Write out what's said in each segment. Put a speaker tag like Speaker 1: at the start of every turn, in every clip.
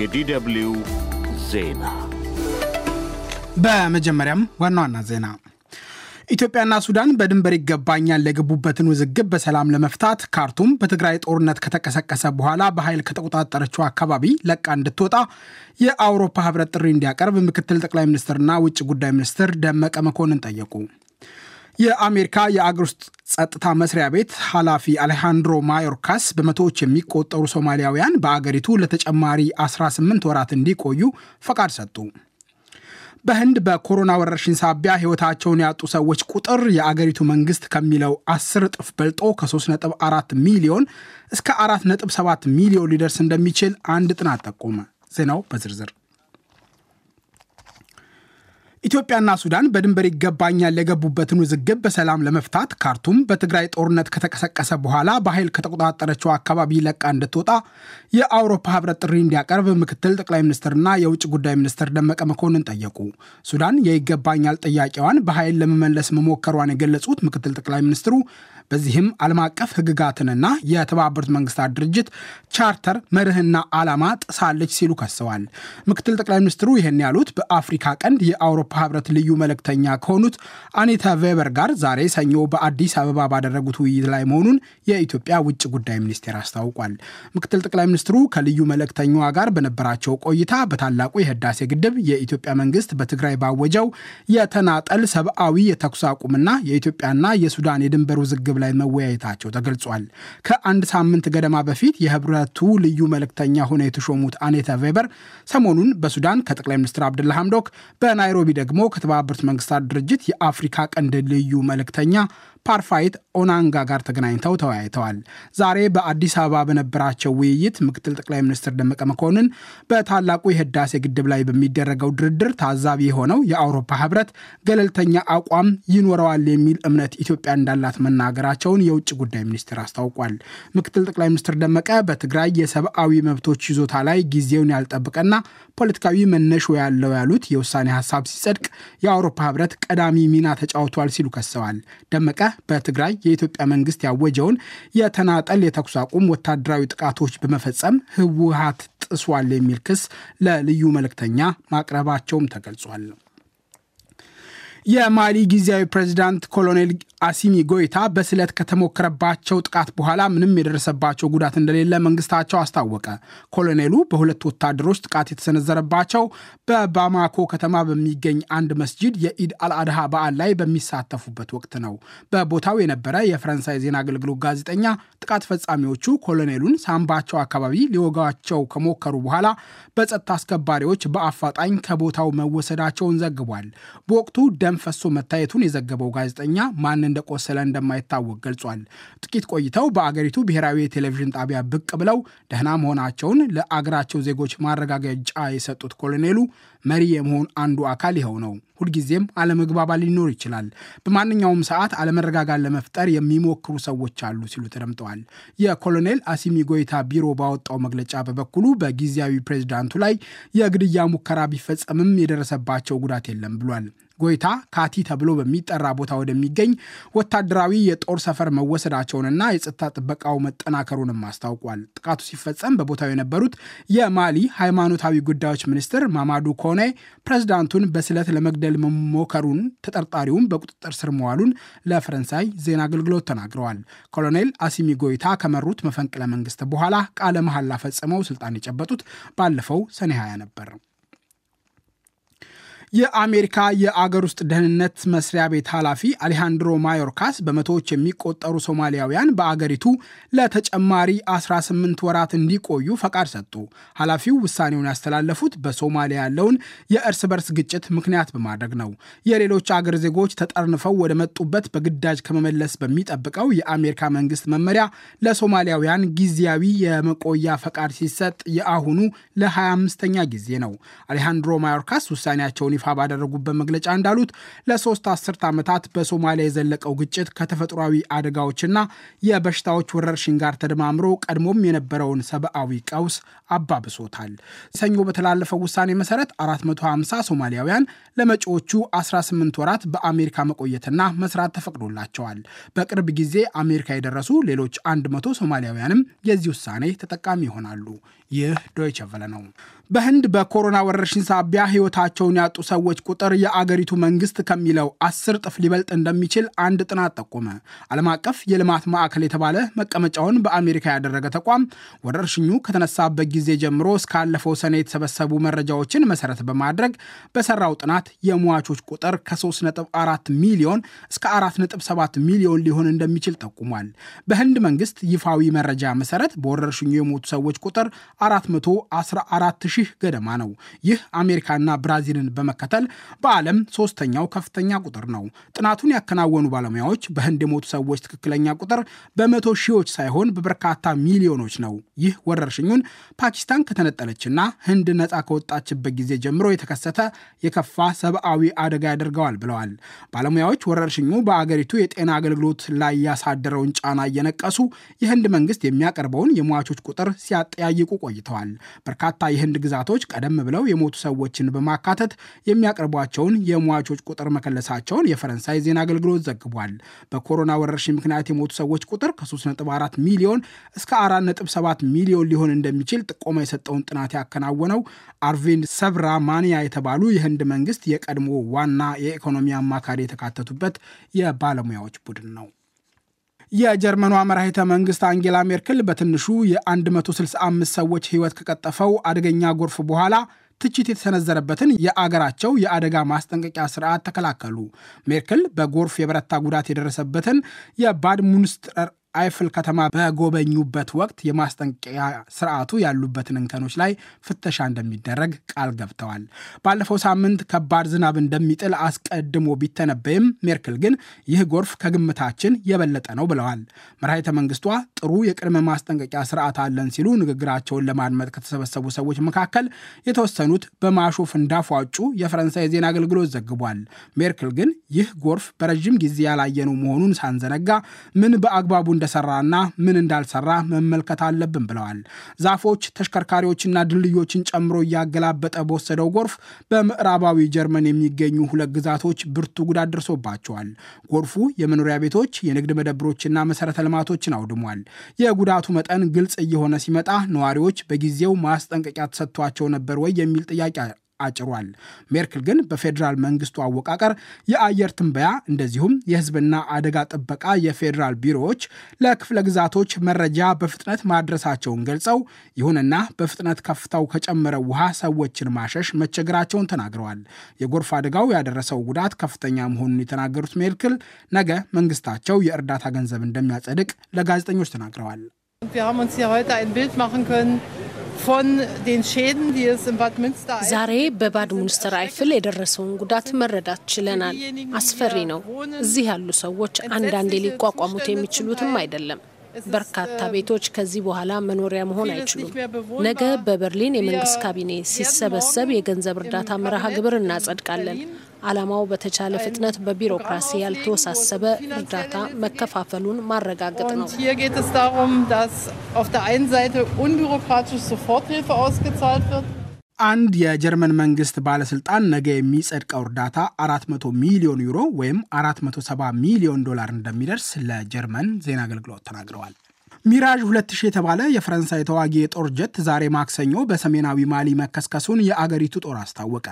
Speaker 1: የዲደብልዩ ዜና። በመጀመሪያም ዋና ዋና ዜና ኢትዮጵያና ሱዳን በድንበር ይገባኛል የገቡበትን ውዝግብ በሰላም ለመፍታት ካርቱም በትግራይ ጦርነት ከተቀሰቀሰ በኋላ በኃይል ከተቆጣጠረችው አካባቢ ለቃ እንድትወጣ የአውሮፓ ህብረት ጥሪ እንዲያቀርብ ምክትል ጠቅላይ ሚኒስትርና ውጭ ጉዳይ ሚኒስትር ደመቀ መኮንን ጠየቁ። የአሜሪካ የአገር ውስጥ ጸጥታ መስሪያ ቤት ኃላፊ አሌሃንድሮ ማዮርካስ በመቶዎች የሚቆጠሩ ሶማሊያውያን በአገሪቱ ለተጨማሪ 18 ወራት እንዲቆዩ ፈቃድ ሰጡ። በህንድ በኮሮና ወረርሽኝ ሳቢያ ህይወታቸውን ያጡ ሰዎች ቁጥር የአገሪቱ መንግስት ከሚለው 10 እጥፍ በልጦ ከ3.4 ሚሊዮን እስከ 4.7 ሚሊዮን ሊደርስ እንደሚችል አንድ ጥናት ጠቆመ። ዜናው በዝርዝር ኢትዮጵያና ሱዳን በድንበር ይገባኛል የገቡበትን ውዝግብ በሰላም ለመፍታት ካርቱም በትግራይ ጦርነት ከተቀሰቀሰ በኋላ በኃይል ከተቆጣጠረችው አካባቢ ለቃ እንድትወጣ የአውሮፓ ህብረት ጥሪ እንዲያቀርብ ምክትል ጠቅላይ ሚኒስትርና የውጭ ጉዳይ ሚኒስትር ደመቀ መኮንን ጠየቁ። ሱዳን የይገባኛል ጥያቄዋን በኃይል ለመመለስ መሞከሯን የገለጹት ምክትል ጠቅላይ ሚኒስትሩ በዚህም ዓለም አቀፍ ህግጋትንና የተባበሩት መንግስታት ድርጅት ቻርተር መርህና ዓላማ ጥሳለች ሲሉ ከሰዋል። ምክትል ጠቅላይ ሚኒስትሩ ይህን ያሉት በአፍሪካ ቀንድ የአውሮፓ ህብረት ልዩ መልእክተኛ ከሆኑት አኔታ ቬበር ጋር ዛሬ ሰኞ በአዲስ አበባ ባደረጉት ውይይት ላይ መሆኑን የኢትዮጵያ ውጭ ጉዳይ ሚኒስቴር አስታውቋል። ምክትል ጠቅላይ ሚኒስትሩ ከልዩ መልእክተኛዋ ጋር በነበራቸው ቆይታ በታላቁ የህዳሴ ግድብ የኢትዮጵያ መንግስት በትግራይ ባወጀው የተናጠል ሰብአዊ የተኩስ አቁምና የኢትዮጵያና የሱዳን የድንበር ውዝግብ ላይ መወያየታቸው ተገልጿል። ከአንድ ሳምንት ገደማ በፊት የህብረቱ ልዩ መልእክተኛ ሆነው የተሾሙት አኔተ ቬበር ሰሞኑን በሱዳን ከጠቅላይ ሚኒስትር አብደላ ሐምዶክ፣ በናይሮቢ ደግሞ ከተባበሩት መንግስታት ድርጅት የአፍሪካ ቀንድ ልዩ መልእክተኛ ፓርፋይት ኦናንጋ ጋር ተገናኝተው ተወያይተዋል። ዛሬ በአዲስ አበባ በነበራቸው ውይይት ምክትል ጠቅላይ ሚኒስትር ደመቀ መኮንን በታላቁ የህዳሴ ግድብ ላይ በሚደረገው ድርድር ታዛቢ የሆነው የአውሮፓ ህብረት ገለልተኛ አቋም ይኖረዋል የሚል እምነት ኢትዮጵያ እንዳላት መናገራቸውን የውጭ ጉዳይ ሚኒስቴር አስታውቋል። ምክትል ጠቅላይ ሚኒስትር ደመቀ በትግራይ የሰብአዊ መብቶች ይዞታ ላይ ጊዜውን ያልጠበቀና ፖለቲካዊ መነሾ ያለው ያሉት የውሳኔ ሀሳብ ሲጸድቅ የአውሮፓ ህብረት ቀዳሚ ሚና ተጫውቷል ሲሉ ከሰዋል። ደመቀ በትግራይ የኢትዮጵያ መንግስት ያወጀውን የተናጠል የተኩስ አቁም ወታደራዊ ጥቃቶች በመፈጸም ህወሀት ጥሷል የሚል ክስ ለልዩ መልእክተኛ ማቅረባቸውም ተገልጿል። የማሊ ጊዜያዊ ፕሬዚዳንት ኮሎኔል አሲሚ ጎይታ በስለት ከተሞከረባቸው ጥቃት በኋላ ምንም የደረሰባቸው ጉዳት እንደሌለ መንግስታቸው አስታወቀ። ኮሎኔሉ በሁለት ወታደሮች ጥቃት የተሰነዘረባቸው በባማኮ ከተማ በሚገኝ አንድ መስጂድ የኢድ አልአድሃ በዓል ላይ በሚሳተፉበት ወቅት ነው። በቦታው የነበረ የፈረንሳይ ዜና አገልግሎት ጋዜጠኛ ጥቃት ፈጻሚዎቹ ኮሎኔሉን ሳምባቸው አካባቢ ሊወጋቸው ከሞከሩ በኋላ በጸጥታ አስከባሪዎች በአፋጣኝ ከቦታው መወሰዳቸውን ዘግቧል። በወቅቱ ደም ደም ፈሶ መታየቱን የዘገበው ጋዜጠኛ ማን እንደቆሰለ እንደማይታወቅ ገልጿል። ጥቂት ቆይተው በአገሪቱ ብሔራዊ የቴሌቪዥን ጣቢያ ብቅ ብለው ደህና መሆናቸውን ለአገራቸው ዜጎች ማረጋገጫ የሰጡት ኮሎኔሉ መሪ የመሆን አንዱ አካል ይኸው ነው። ሁልጊዜም አለመግባባት ሊኖር ይችላል። በማንኛውም ሰዓት አለመረጋጋት ለመፍጠር የሚሞክሩ ሰዎች አሉ ሲሉ ተደምጠዋል። የኮሎኔል አሲሚ ጎይታ ቢሮ ባወጣው መግለጫ በበኩሉ በጊዜያዊ ፕሬዚዳንቱ ላይ የግድያ ሙከራ ቢፈጸምም የደረሰባቸው ጉዳት የለም ብሏል። ጎይታ ካቲ ተብሎ በሚጠራ ቦታ ወደሚገኝ ወታደራዊ የጦር ሰፈር መወሰዳቸውንና የጸጥታ ጥበቃው መጠናከሩንም አስታውቋል። ጥቃቱ ሲፈጸም በቦታው የነበሩት የማሊ ሃይማኖታዊ ጉዳዮች ሚኒስትር ማማዱ ኮኔ ፕሬዝዳንቱን በስለት ለመግደል መሞከሩን ተጠርጣሪውም በቁጥጥር ስር መዋሉን ለፈረንሳይ ዜና አገልግሎት ተናግረዋል። ኮሎኔል አሲሚ ጎይታ ከመሩት መፈንቅለ መንግስት በኋላ ቃለ መሐላ ፈጽመው ስልጣን የጨበጡት ባለፈው ሰኔ 20 ነበር። የአሜሪካ የአገር ውስጥ ደህንነት መስሪያ ቤት ኃላፊ አሌሃንድሮ ማዮርካስ በመቶዎች የሚቆጠሩ ሶማሊያውያን በአገሪቱ ለተጨማሪ 18 ወራት እንዲቆዩ ፈቃድ ሰጡ። ኃላፊው ውሳኔውን ያስተላለፉት በሶማሊያ ያለውን የእርስ በርስ ግጭት ምክንያት በማድረግ ነው። የሌሎች አገር ዜጎች ተጠርንፈው ወደ መጡበት በግዳጅ ከመመለስ በሚጠብቀው የአሜሪካ መንግስት መመሪያ ለሶማሊያውያን ጊዜያዊ የመቆያ ፈቃድ ሲሰጥ የአሁኑ ለ25ኛ ጊዜ ነው። አሌሃንድሮ ማዮርካስ ውሳኔያቸውን ይፋ ባደረጉበት መግለጫ እንዳሉት ለሶስት አስርት ዓመታት በሶማሊያ የዘለቀው ግጭት ከተፈጥሯዊ አደጋዎችና የበሽታዎች ወረርሽኝ ጋር ተደማምሮ ቀድሞም የነበረውን ሰብአዊ ቀውስ አባብሶታል። ሰኞ በተላለፈው ውሳኔ መሰረት 450 ሶማሊያውያን ለመጪዎቹ 18 ወራት በአሜሪካ መቆየትና መስራት ተፈቅዶላቸዋል። በቅርብ ጊዜ አሜሪካ የደረሱ ሌሎች 100 ሶማሊያውያንም የዚህ ውሳኔ ተጠቃሚ ይሆናሉ። ይህ ዶይቸ ቨለ ነው። በህንድ በኮሮና ወረርሽኝ ሳቢያ ህይወታቸውን ያጡ ሰዎች ቁጥር የአገሪቱ መንግስት ከሚለው አስር ጥፍ ሊበልጥ እንደሚችል አንድ ጥናት ጠቆመ። ዓለም አቀፍ የልማት ማዕከል የተባለ መቀመጫውን በአሜሪካ ያደረገ ተቋም ወረርሽኙ ከተነሳበት ጊዜ ጀምሮ እስካለፈው ሰኔ የተሰበሰቡ መረጃዎችን መሰረት በማድረግ በሰራው ጥናት የሟቾች ቁጥር ከ3.4 ሚሊዮን እስከ 4.7 ሚሊዮን ሊሆን እንደሚችል ጠቁሟል። በህንድ መንግስት ይፋዊ መረጃ መሰረት በወረርሽኙ የሞቱ ሰዎች ቁጥር 414 ሺህ ገደማ ነው። ይህ አሜሪካና ብራዚልን በመከተል በዓለም ሶስተኛው ከፍተኛ ቁጥር ነው። ጥናቱን ያከናወኑ ባለሙያዎች በህንድ የሞቱ ሰዎች ትክክለኛ ቁጥር በመቶ ሺዎች ሳይሆን በበርካታ ሚሊዮኖች ነው። ይህ ወረርሽኙን ፓኪስታን ከተነጠለችና ህንድ ነጻ ከወጣችበት ጊዜ ጀምሮ የተከሰተ የከፋ ሰብአዊ አደጋ ያደርገዋል ብለዋል። ባለሙያዎች ወረርሽኙ በአገሪቱ የጤና አገልግሎት ላይ ያሳደረውን ጫና እየነቀሱ የህንድ መንግስት የሚያቀርበውን የሟቾች ቁጥር ሲያጠያይቁ ቆይተዋል። በርካታ የህንድ ግዛቶች ቀደም ብለው የሞቱ ሰዎችን በማካተት የሚያቀርቧቸውን የሟቾች ቁጥር መከለሳቸውን የፈረንሳይ ዜና አገልግሎት ዘግቧል። በኮሮና ወረርሽኝ ምክንያት የሞቱ ሰዎች ቁጥር ከ3.4 ሚሊዮን እስከ 4.7 ሚሊዮን ሊሆን እንደሚችል ጥቆማ የሰጠውን ጥናት ያከናወነው አርቪንድ ማንያ የተባሉ የህንድ መንግስት የቀድሞ ዋና የኢኮኖሚ አማካሪ የተካተቱበት የባለሙያዎች ቡድን ነው። የጀርመኗ መራሂተ መንግስት አንጌላ ሜርክል በትንሹ የ165 ሰዎች ህይወት ከቀጠፈው አደገኛ ጎርፍ በኋላ ትችት የተሰነዘረበትን የአገራቸው የአደጋ ማስጠንቀቂያ ስርዓት ተከላከሉ። ሜርክል በጎርፍ የበረታ ጉዳት የደረሰበትን የባድ ሙንስትረር አይፍል ከተማ በጎበኙበት ወቅት የማስጠንቀቂያ ስርዓቱ ያሉበትን እንከኖች ላይ ፍተሻ እንደሚደረግ ቃል ገብተዋል። ባለፈው ሳምንት ከባድ ዝናብ እንደሚጥል አስቀድሞ ቢተነበይም ሜርክል ግን ይህ ጎርፍ ከግምታችን የበለጠ ነው ብለዋል። መራሄተ መንግስቷ ጥሩ የቅድመ ማስጠንቀቂያ ስርዓት አለን ሲሉ ንግግራቸውን ለማድመጥ ከተሰበሰቡ ሰዎች መካከል የተወሰኑት በማሾፍ እንዳፏጩ የፈረንሳይ ዜና አገልግሎት ዘግቧል። ሜርክል ግን ይህ ጎርፍ በረዥም ጊዜ ያላየነው መሆኑን ሳንዘነጋ ምን በአግባቡ እንደሰራና ምን እንዳልሰራ መመልከት አለብን ብለዋል። ዛፎች፣ ተሽከርካሪዎችና ድልድዮችን ጨምሮ እያገላበጠ በወሰደው ጎርፍ በምዕራባዊ ጀርመን የሚገኙ ሁለት ግዛቶች ብርቱ ጉዳት ደርሶባቸዋል። ጎርፉ የመኖሪያ ቤቶች፣ የንግድ መደብሮችና መሰረተ ልማቶችን አውድሟል። የጉዳቱ መጠን ግልጽ እየሆነ ሲመጣ ነዋሪዎች በጊዜው ማስጠንቀቂያ ተሰጥቷቸው ነበር ወይ የሚል ጥያቄ አጭሯል። ሜርክል ግን በፌዴራል መንግስቱ አወቃቀር የአየር ትንበያ እንደዚሁም የህዝብና አደጋ ጥበቃ የፌዴራል ቢሮዎች ለክፍለ ግዛቶች መረጃ በፍጥነት ማድረሳቸውን ገልጸው ይሁንና በፍጥነት ከፍታው ከጨመረ ውሃ ሰዎችን ማሸሽ መቸገራቸውን ተናግረዋል። የጎርፍ አደጋው ያደረሰው ጉዳት ከፍተኛ መሆኑን የተናገሩት ሜርክል ነገ መንግስታቸው የእርዳታ ገንዘብ እንደሚያጸድቅ ለጋዜጠኞች ተናግረዋል። ዛሬ በባድ ሙንስተር አይፍል የደረሰውን ጉዳት መረዳት ችለናል። አስፈሪ ነው። እዚህ ያሉ ሰዎች አንዳንዴ ሊቋቋሙት የሚችሉትም አይደለም። በርካታ ቤቶች ከዚህ በኋላ መኖሪያ መሆን አይችሉም። ነገ በበርሊን የመንግስት ካቢኔ ሲሰበሰብ የገንዘብ እርዳታ መርሃ ግብር እናጸድቃለን። ዓላማው በተቻለ ፍጥነት በቢሮክራሲ ያልተወሳሰበ እርዳታ መከፋፈሉን ማረጋገጥ ነው። አንድ የጀርመን መንግስት ባለስልጣን ነገ የሚጸድቀው እርዳታ 400 ሚሊዮን ዩሮ ወይም 470 ሚሊዮን ዶላር እንደሚደርስ ለጀርመን ዜና አገልግሎት ተናግረዋል። ሚራዥ 2000 የተባለ የፈረንሳይ ተዋጊ የጦር ጀት ዛሬ ማክሰኞ በሰሜናዊ ማሊ መከስከሱን የአገሪቱ ጦር አስታወቀ።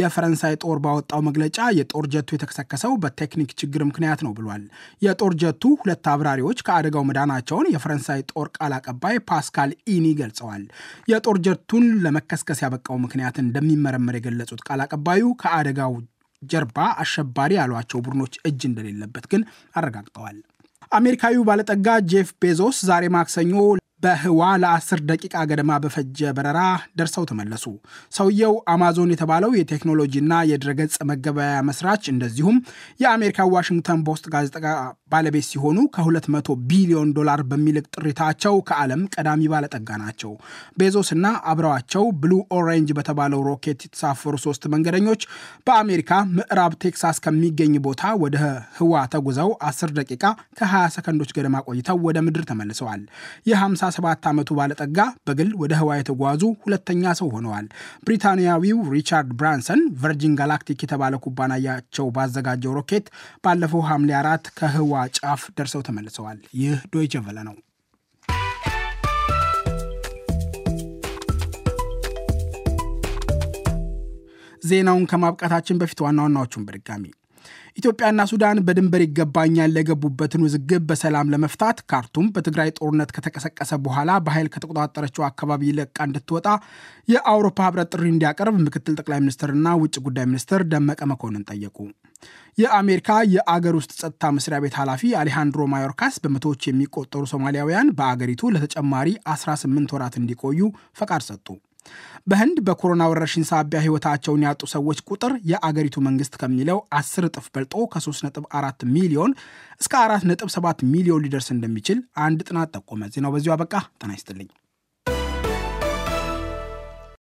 Speaker 1: የፈረንሳይ ጦር ባወጣው መግለጫ የጦር ጀቱ የተከሰከሰው በቴክኒክ ችግር ምክንያት ነው ብሏል። የጦር ጀቱ ሁለት አብራሪዎች ከአደጋው መዳናቸውን የፈረንሳይ ጦር ቃል አቀባይ ፓስካል ኢኒ ገልጸዋል። የጦር ጀቱን ለመከስከስ ያበቃው ምክንያት እንደሚመረመር የገለጹት ቃል አቀባዩ ከአደጋው ጀርባ አሸባሪ ያሏቸው ቡድኖች እጅ እንደሌለበት ግን አረጋግጠዋል። አሜሪካዊው ባለጠጋ ጄፍ ቤዞስ ዛሬ ማክሰኞ በህዋ ለአስር ደቂቃ ገደማ በፈጀ በረራ ደርሰው ተመለሱ። ሰውየው አማዞን የተባለው የቴክኖሎጂና የድረገጽ መገበያያ መስራች እንደዚሁም የአሜሪካ ዋሽንግተን ፖስት ጋዜጣ ባለቤት ሲሆኑ ከ200 ቢሊዮን ዶላር በሚልቅ ጥሪታቸው ከዓለም ቀዳሚ ባለጠጋ ናቸው። ቤዞስና አብረዋቸው ብሉ ኦሬንጅ በተባለው ሮኬት የተሳፈሩ ሶስት መንገደኞች በአሜሪካ ምዕራብ ቴክሳስ ከሚገኝ ቦታ ወደ ህዋ ተጉዘው 10 ደቂቃ ከ20 ሰከንዶች ገደማ ቆይተው ወደ ምድር ተመልሰዋል። የ50 67 ዓመቱ ባለጠጋ በግል ወደ ህዋ የተጓዙ ሁለተኛ ሰው ሆነዋል። ብሪታንያዊው ሪቻርድ ብራንሰን ቨርጂን ጋላክቲክ የተባለ ኩባንያቸው ባዘጋጀው ሮኬት ባለፈው ሐምሌ አራት ከህዋ ጫፍ ደርሰው ተመልሰዋል። ይህ ዶይቼ ቬለ ነው። ዜናውን ከማብቃታችን በፊት ዋና ዋናዎቹን በድጋሚ ኢትዮጵያና ሱዳን በድንበር ይገባኛል ለገቡበትን ውዝግብ በሰላም ለመፍታት ካርቱም በትግራይ ጦርነት ከተቀሰቀሰ በኋላ በኃይል ከተቆጣጠረችው አካባቢ ለቃ እንድትወጣ የአውሮፓ ህብረት ጥሪ እንዲያቀርብ ምክትል ጠቅላይ ሚኒስትርና ውጭ ጉዳይ ሚኒስትር ደመቀ መኮንን ጠየቁ። የአሜሪካ የአገር ውስጥ ጸጥታ መስሪያ ቤት ኃላፊ አሌሃንድሮ ማዮርካስ በመቶዎች የሚቆጠሩ ሶማሊያውያን በአገሪቱ ለተጨማሪ 18 ወራት እንዲቆዩ ፈቃድ ሰጡ። በህንድ በኮሮና ወረርሽኝ ሳቢያ ህይወታቸውን ያጡ ሰዎች ቁጥር የአገሪቱ መንግስት ከሚለው 10 እጥፍ በልጦ ከ3.4 ሚሊዮን እስከ 4.7 ሚሊዮን ሊደርስ እንደሚችል አንድ ጥናት ጠቆመ። ዜናው በዚሁ አበቃ። ጤና ይስጥልኝ።